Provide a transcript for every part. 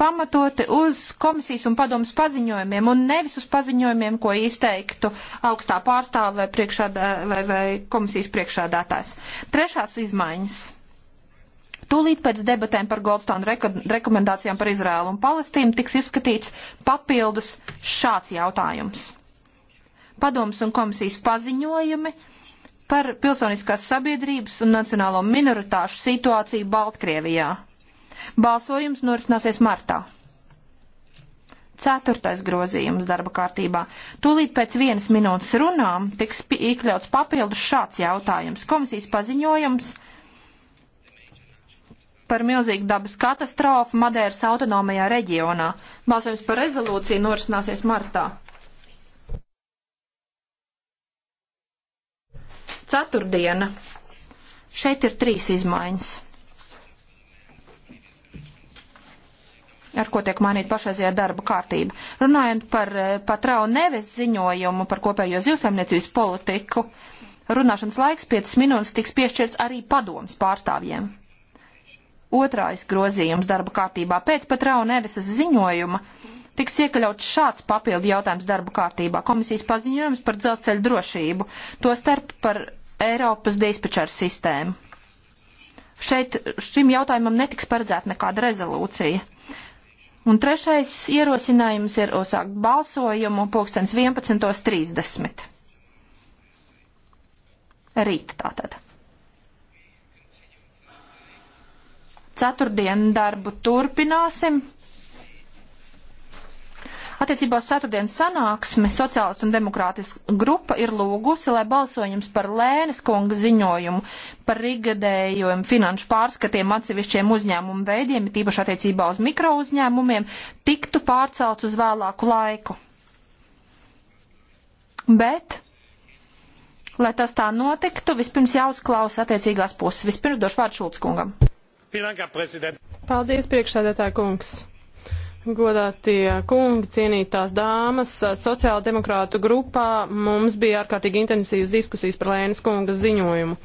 pamatoti uz komisijas un padomas paziņojumiem un nevis uz paziņojumiem, ko izteiktu augstā pārstāve vai, priekšādā, vai, vai komisijas priekšādātājs. Trešās izmaiņas. Tūlīt pēc debatēm par Goldstone reko rekomendācijām par Izrēlu un Palestīnu tiks izskatīts papildus šāds jautājums. Padomas un komisijas paziņojumi par pilsoniskās sabiedrības un nacionālo minoritāšu situāciju Baltkrievijā. Balsojums norisināsies martā. Ceturtais grozījums darba kārtībā. Tūlīt pēc vienas minūtes runām tiks iekļauts papildus šāds jautājums. Komisijas paziņojums par milzīgu dabas katastrofu Madēras autonomajā reģionā. Balsojums par rezolūciju norisināsies martā. Ceturtdiena. Šeit ir trīs izmaiņas. ar ko tiek mainīta pašreizējā darba kārtība. Runājot par eh, patrau neves ziņojumu par kopējo zivsaimniecības politiku, runāšanas laiks 5 minūtes tiks piešķirts arī padomas pārstāvjiem. Otrais grozījums darba kārtībā pēc patrau neveses ziņojuma tiks iekļauts šāds papildu jautājums darba kārtībā. Komisijas paziņojums par dzelzceļu drošību, to starp par Eiropas dispečāru sistēmu. Šeit šim jautājumam netiks paredzēta nekāda rezolūcija. Un trešais ierosinājums ir uzsākt balsojumu pulkstens 11.30. Rīt tātad. Ceturtdien darbu turpināsim. Attiecībā uz ceturtdienas sanāksmi sociālistu un demokrātisku grupa ir lūgusi, lai balsojums par Lēnes kunga ziņojumu par rigadējumu finanšu pārskatiem atsevišķiem uzņēmumu veidiem, tīpaši attiecībā uz mikro uzņēmumiem, tiktu pārcelts uz vēlāku laiku. Bet lai tas tā notiktu, vispirms jāuzklausa attiecīgās puses. Vispirms došu vārdu Šulc kungam. Paldies, priekšsēdētāja kungs. Godātie kungi, cienītās dāmas, sociāldemokrātu grupā mums bija ārkārtīgi intensīvas diskusijas par Lēnas kungas ziņojumu.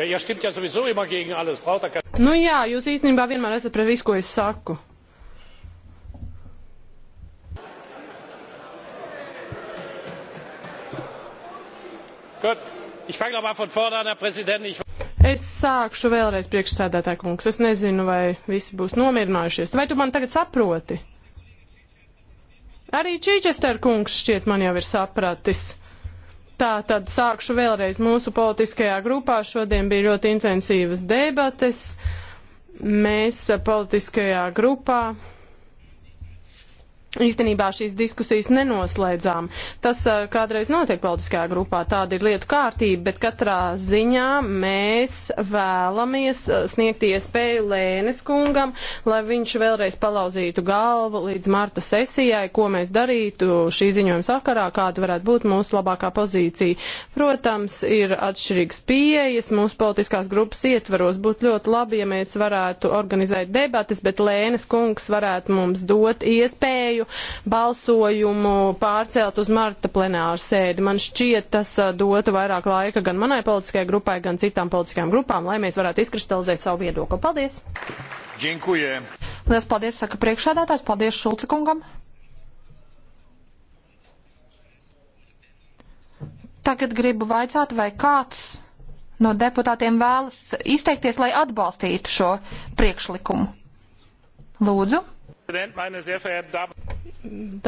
Ja, ja stimmt ja sowieso immer gegen alles, braucht er keine. Nu jā, jūs īstenībā vienmēr esat pret visu, ko es saku. Gut. Ich fange nochmal von vorne an, Herr Präsident. Ich sākšu vēlreiz priekšsēdētāju kungs. Es nezinu, vai visi būs nomierinājušies. Vai tu man tagad saproti? Arī Čīčester kungs šķiet man jau ir sapratis. Tā tad sākšu vēlreiz mūsu politiskajā grupā. Šodien bija ļoti intensīvas debates. Mēs politiskajā grupā Īstenībā šīs diskusijas nenoslēdzām. Tas uh, kādreiz notiek politiskajā grupā, tāda ir lietu kārtība, bet katrā ziņā mēs vēlamies eh, sniegt iespēju Lēnes kungam, lai viņš vēlreiz palauzītu galvu līdz marta sesijai, ko mēs darītu šī ziņojuma sakarā, kāda varētu būt mūsu labākā pozīcija. Protams, ir atšķirīgas pieejas, mūsu politiskās grupas ietvaros būtu ļoti labi, ja mēs varētu organizēt debatas, bet Lēnes kungs varētu mums dot iespēju ideju balsojumu pārcelt uz marta plenāru sēdi. Man šķiet, tas uh, dotu vairāk laika gan manai politiskajai grupai, gan citām politiskajām grupām, lai mēs varētu izkristalizēt savu viedokli. Paldies! Dziękuję. Lielas paldies, saka priekšādātājs. Paldies Šulce kungam. Tagad gribu vaicāt, vai kāds no deputātiem vēlas izteikties, lai atbalstītu šo priekšlikumu. Lūdzu.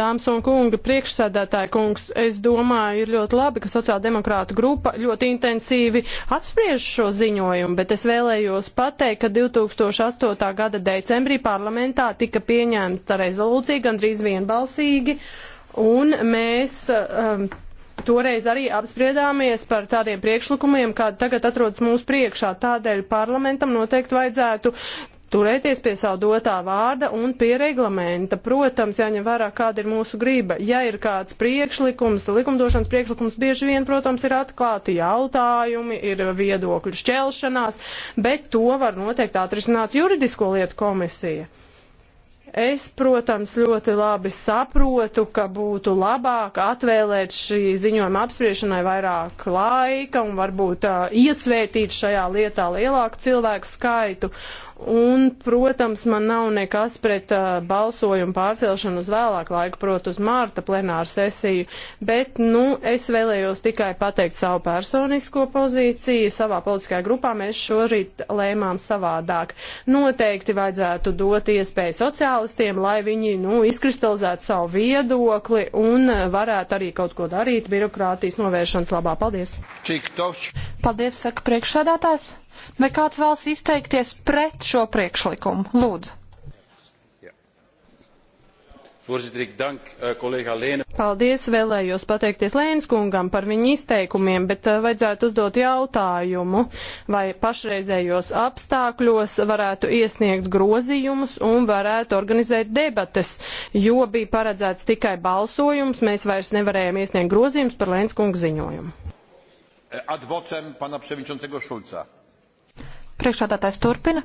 Dāmas un kungi, priekšsēdētāji kungs, es domāju, ir ļoti labi, ka sociāldemokrāta grupa ļoti intensīvi apspriež šo ziņojumu, bet es vēlējos pateikt, ka 2008. gada decembrī parlamentā tika pieņemta rezolūcija gandrīz vienbalsīgi, un mēs. Um, Toreiz arī apspriedāmies par tādiem priekšlikumiem, kādi tagad atrodas mūsu priekšā. Tādēļ parlamentam noteikti vajadzētu turēties pie savu dotā vārda un pie reglamenta. Protams, jāņem vērā, kāda ir mūsu grība. Ja ir kāds priekšlikums, likumdošanas priekšlikums, bieži vien, protams, ir atklāti jautājumi, ir viedokļu šķelšanās, bet to var noteikti atrisināt juridisko lietu komisija. Es, protams, ļoti labi saprotu, ka būtu labāk atvēlēt šī ziņojuma apspriešanai vairāk laika un varbūt uh, iesvētīt šajā lietā lielāku cilvēku skaitu. Un, protams, man nav nekas pret uh, balsojumu pārcelšanu uz vēlāku laiku, proti uz mārta plenāru sesiju, bet, nu, es vēlējos tikai pateikt savu personisko pozīciju. Savā politiskajā grupā mēs šorīt lēmām savādāk. Noteikti vajadzētu dot iespēju sociālistiem, lai viņi, nu, izkristalizētu savu viedokli un uh, varētu arī kaut ko darīt birokrātijas novēršanas labā. Paldies! Čiktoš. Paldies, saka priekšsādātājs. Vai kāds vēlas izteikties pret šo priekšlikumu? Lūdzu. Voorzitter, ik dank uh, collega Lene. Paldies, vēlējos pateikties Lēnas kungam par viņu izteikumiem, bet uh, vajadzētu uzdot jautājumu, vai pašreizējos apstākļos varētu iesniegt grozījumus un varētu organizēt debates, jo bija paredzēts tikai balsojums, mēs vairs nevarējām iesniegt grozījumus par Lēnas kungu ziņojumu. Eh, Advocem pana przewodniczącego Šulca. Priekšādātājs turpina.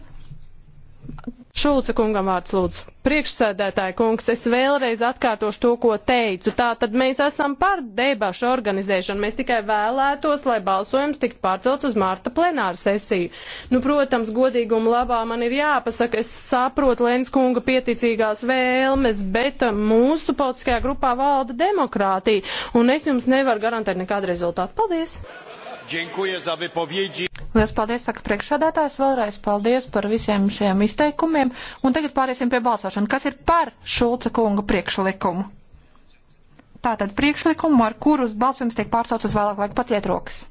Šulca kungam vārds lūdzu. Priekšsēdētāja kungs, es vēlreiz atkārtošu to, ko teicu. Tātad mēs esam par debašu organizēšanu. Mēs tikai vēlētos, lai balsojums tiktu pārcelts uz mārta plenāru sesiju. Nu, protams, godīguma labā man ir jāpasaka, es saprotu Lēns kunga pieticīgās vēlmes, bet mūsu politiskajā grupā valda demokrātija. Un es jums nevaru garantēt nekādu rezultātu. Paldies! Dziękuję za wypowiedzi. Lielas paldies, saka priekšādātājs, vēlreiz paldies par visiem šiem izteikumiem. Un tagad pāriesim pie balsošana. Kas ir par Šulca kunga priekšlikumu? Tātad priekšlikumu, ar kuru balsojums tiek pārsauts uz vēlāk laiku paciet rokas.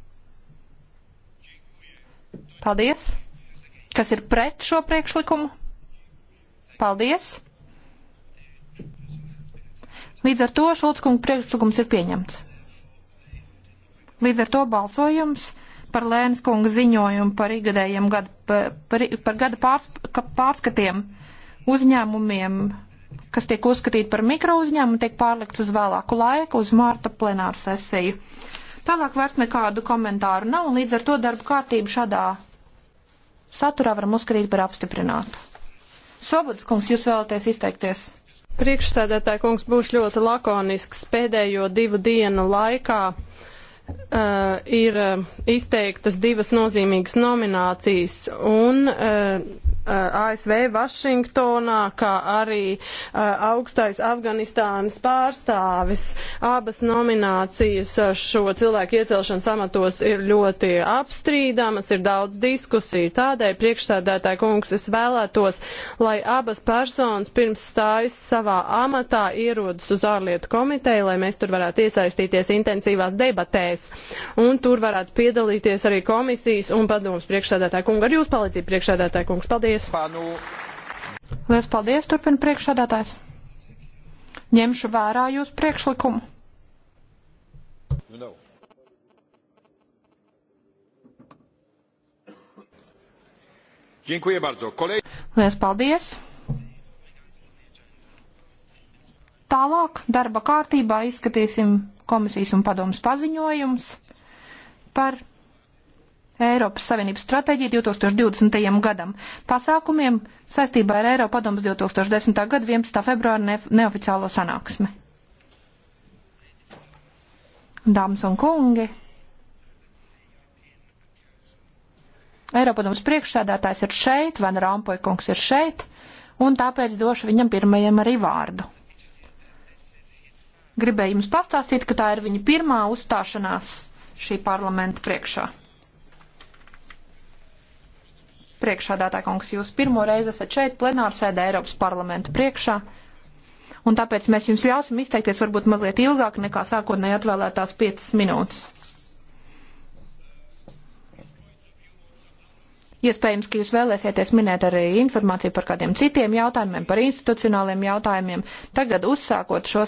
Paldies. Kas ir pret šo priekšlikumu? Paldies. Līdz ar to Šulckunga priekšlikums ir pieņemts. Līdz ar to balsojums par Lēnas kunga ziņojumu par igadējiem gadu, par, par gada pārs, pārskatiem uzņēmumiem, kas tiek uzskatīti par mikrouzņēmumu, tiek pārlikt uz vēlāku laiku, uz mārta plenāru sesiju. Tālāk vairs nekādu komentāru nav, un līdz ar to darba kārtību šādā saturā varam uzskatīt par apstiprinātu. Svobodas kungs, jūs vēlaties izteikties? Priekšstādātāja kungs būs ļoti lakonisks pēdējo divu dienu laikā uh, ir uh, izteiktas divas nozīmīgas nominācijas, un uh, Eh, ASV Vašingtonā, kā arī uh, augstais Afganistānas pārstāvis. Abas nominācijas eh, šo cilvēku iecelšanas amatos ir ļoti apstrīdamas, ir daudz diskusiju. Tādēļ priekšsēdētāji kungs es vēlētos, lai abas personas pirms stājas savā amatā ierodas uz ārlietu komiteju, lai mēs tur varētu iesaistīties intensīvās debatēs. Un tur varētu piedalīties arī komisijas un padomus priekšsēdētāji kungu ar jūs palīdzību priekšsēdētāji kungs. Paldies! Paldies! Panu. Lielas paldies, turpina priekšsādātājs. Ņemšu vērā jūs priekšlikumu. No. Dziękuję bardzo. Kolej... Lielas paldies! Tālāk darba kārtībā izskatīsim komisijas un padomus paziņojums par Eiropas Savienības stratēģiju 2020. gadam pasākumiem saistībā ar Eiropa padomus 2010. gada 11. februāra ne neoficiālo sanāksmi. Dāmas un kungi, Eiropa padomus priekšsēdētājs ir šeit, Van Rampoja kungs ir šeit, un tāpēc došu viņam pirmajam arī vārdu. Gribēju jums pastāstīt, ka tā ir viņa pirmā uzstāšanās šī parlamenta priekšā. Priekšādātā kungs, jūs pirmo reizi esat šeit plenārsēdē Eiropas parlamentu priekšā, un tāpēc mēs jums ļausim izteikties varbūt mazliet ilgāk nekā sākotnēji atvēlētās piecas minūtes. Iespējams, ka jūs vēlēsieties minēt arī informāciju par kādiem citiem jautājumiem, par institucionāliem jautājumiem. Tagad uzsākot šo